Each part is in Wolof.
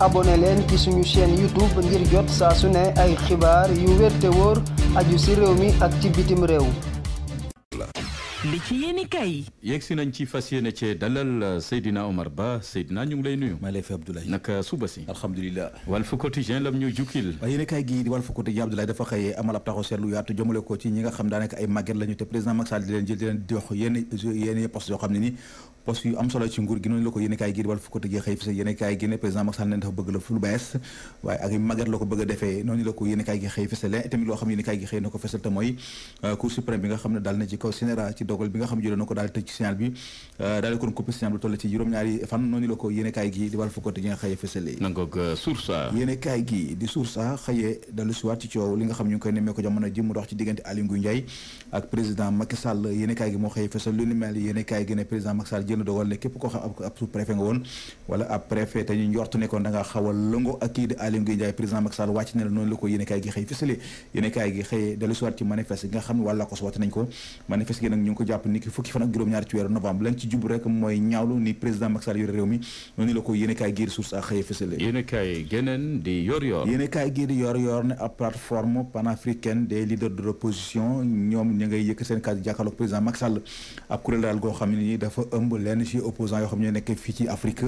abonné leen ci suñu chaîne YouTube ngir jot saa su ne ay xibaar yu wér te wóor aju ci réew mi ak ci bitim réew. li ci yéen kay. yegg si nañ ci fas yéene cee dalal euh, Seydina Omar Ba Seydina ñu ngi lay nuyu. maa lay fay Abdoulaye. naka euh, suba si. alhamdulilah. Walf Quotidien lam ñu jukkil. waaye kay gi Walf Quotidien Abdoulaye dafa xëyee amal ab taxaw seetlu yaatu jëmale ci ñi nga xam daanaka ay màgget lañu te président Macky Sall di leen jël di leen di yenn yenn postes yoo xam ne ni poste yu am solo ci nguur gi noonu la ko yéen gi wala fu ko tëjee xëy fi sa gi ne président Macky Sall ne dafa bëgg gi ne président Macky Sall gi moo xëy fesal lu ni mel yéen gi ne président Macky képp koo xam ab préfet nga woon wala ab préfet te ñu njort ne kon da nga xaw a ak kii di Aliou Ngouille Ndiaye président Macky gi xëy fësale yéene ci manifeste nga xam ne wàlla ko sooti nañ ko manifeste gi nag ñu ko jàpp ni ki fukki fan ak juróom-ñaar ci weeru novembre lañ ci jub rek mooy ñaawlu ni président Macky yore réew mi noonu la ko yéene gi source ak xëy fësale yéene geneen di yor yor ne ab plateforme panafricaine de l'opposition lenn ci opposant yoo xam ñoo nekk fii ci Afrique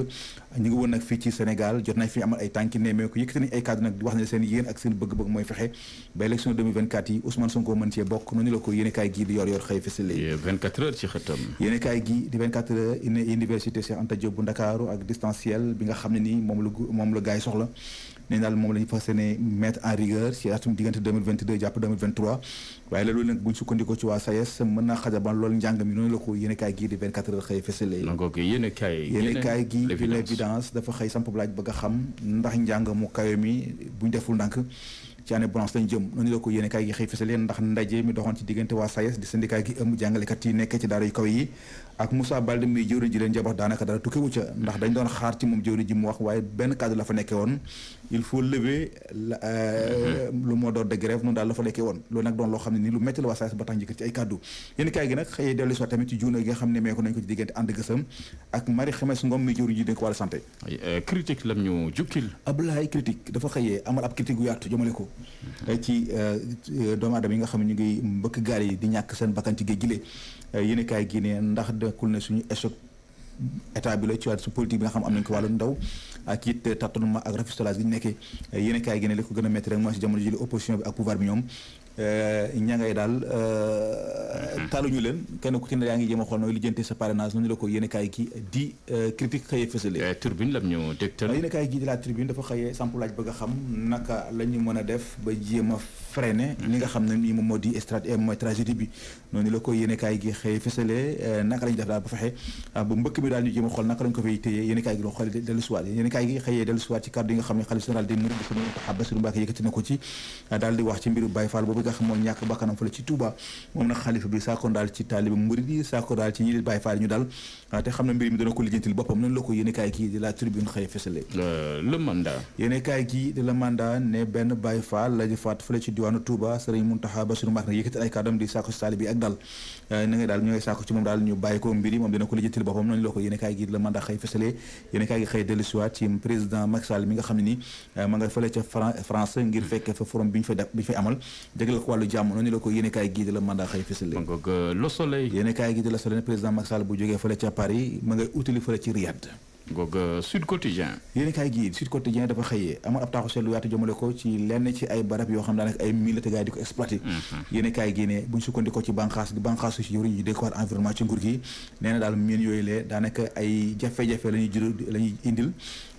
ñu ngi woon nag fii ci Sénégal jot nañ fi amal ay tànki nemmeeku yëkkati nañ ay kàddu nag di wax ne seen yéen ak seen bëgg-bëgg mooy fexe ba élection 2024 yi Ousmane Sonko mën cee bokk noonu la ko yéene gi di 24 diggante jàpp waaye la loolu nag buñ sukkandikoo ci waa SAES e mën naa xajaban loolu njàng mi noonu la ko yéene kaay di 24 heures séddale yi. donc yéen a kaay yéen a kaay gi l'évidence dafa xëy samp bëgg xam ndax njàng mu kawe mi buñ deful ndànk ci année blanche lañ jëm noonu la ko yéen a kaay gi xëy fësale ndax ndaje mi doxoon ci diggante waa SAES di syndicat gi ëmb jàngalekat yi nekkee ci daara yu kawe yi ak Moussa Balde mi jëwriñ daanaka dara tukkewu ca ndax dañ doon xaar ci moom jëwriñ ji mu wax waaye benn cadre la fa nekkee woon il faut lever euh, mhm. le mot d'ordre de grève noonu daal la fa nekkee woon loolu loo xam ne nii lu métti la waa SAES ba tax njëkkat ci ay kàddu yéen kaay gi nag xëy dellu si tamit ci juuna gi nga xam ne meeko nañ ko ci diggante ànd gësam ak Marie Khemesse Ngom mi jëwriñ ji dénk wàllu santé euh, critique lam ñu jukkil Abdoulaye critique dafa xëyee amal ab critique gu yaatu jomale ko euh, ci doomu aadama yi nga xam ne ñu ngi mbëkk gaal yi di ñàkk seen bakkan ci géej gi yéen kaay gi ne ndax état bi la ci wàllu politique bi nga xam am nañ ko wàllu ndaw ak it tâtonnement ak rafistolage gi ñu nekkee kaay gi ne li ko gën a métti rek mooy si jamono ji opposition bi ak pouvoir bi ñoom euh, ña daal euh, taaluñu leen kenn ku ci yaa ngi jéem a xool nooy noonu la ko yéen gi di euh, critique xëyee fësale eh, turbine lam ñu xam def ba jéem a freiné li nga xam ne nii moom moo di stratégie eh, mooy tragédie bi noonu la ko yéen kaay gi xëyee fësale euh, naka la ñu def daal ba fexe euh, ba mbëkk mi daal ñu jéem a naka lañ ko fay téye yéen gi doon xool dellu siwaat yi nga xam ne xalif général des mourides bi sëñ daal di wax ci mbiru Baye Fall boobu nga xam ñàkk bakkanam fële ci saakoon daal ci taaliba murid yi saakoon daal ci ñi Baay Faal ñu daal ah, te xam ne mbir mi dana ko lijjantil boppam nan la ko yéene kaay kii di la tribune xëy gi xëy dellu si ci président Macky mi nga xam ne ni euh, ma nga fële ca France ngir fekkee fa forum bi ñu fa bi ñu fay amal jagleel ko wàllu jàmm noonu la ko yéene kaay gii di la mandat Le Soleil. yéen kaay gi di Le Soleil ne président Macky Sall bu jógee fële ca Paris ma ngay utali fële ci Riyad. Euh, Sud Quotidien. yéen gi Sud Quotidien dafa xëyee amoon ab taaxu seetlu yaatu jëmale ko ci lenn ci ay barab yoo xam daanaka ay mille te gars yi di ko exploité. Mm-hmm. yéen kaay gi ne bu ñu sukkandikoo ci bànqaas di bànqaasu ci jëwriñ yi découvert environnement ci nguur gi nee daal mine yooyu lee daanaka ay jafe-jafe la ñuy jural la ñuy indil.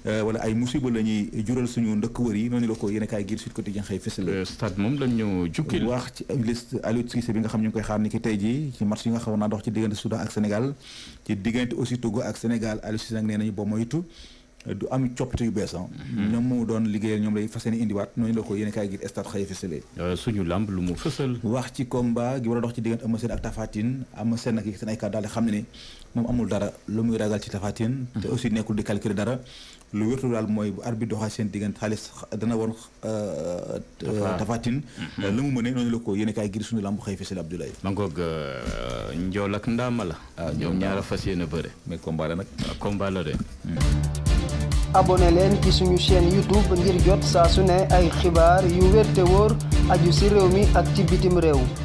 Euh, wala ay musiba la ñuy jural suñu ndëkk wër yi noonu la ko yéen a kaay giir Sud Quotidien xëy fësal euh, stade moom lañ ñu jukkil wax ci liste Aliou bi nga xam ñu ngi koy xaar ni ki tey ji ci match yi nga xawoon naa dox ci diggante Soudan ak Sénégal ci diggante aussi Togo ak Sénégal Aliou Cissé nag nee nañu boo moytu du am coppite yu bees ñoom ah. mhm. mu doon liggéeyal ñoom lay fas yéene indiwaat noonu la ko yéen kaay gi stade xëy fësalee. Euh, suñu lamb lu mu fësal. wax ci combat gi war a dox ci seen ay kàddu daal di xam ne ni moom amul dara lu muy ragal ci Tapha Tine. Mhm. te nekkul di calculer dara. lu wértu daal mooy bu arbitre doxal seen diggante xaalis dana woon euh, euh, Tapha Tine mhm. la mu mëne noonu la ko yéen kaay gi suñu lamb xëy fësale Abdoulaye. ma ngoog njool ak ndaama ah, ñoom ñaara fas yéene bëre. mais combat la nag. combat la de. Mm. abone leen ki suñu chaîne YouTube ngir jot saa su ne ay xibaar yu wér te wóor aju ci réew mi ak ci bitim réew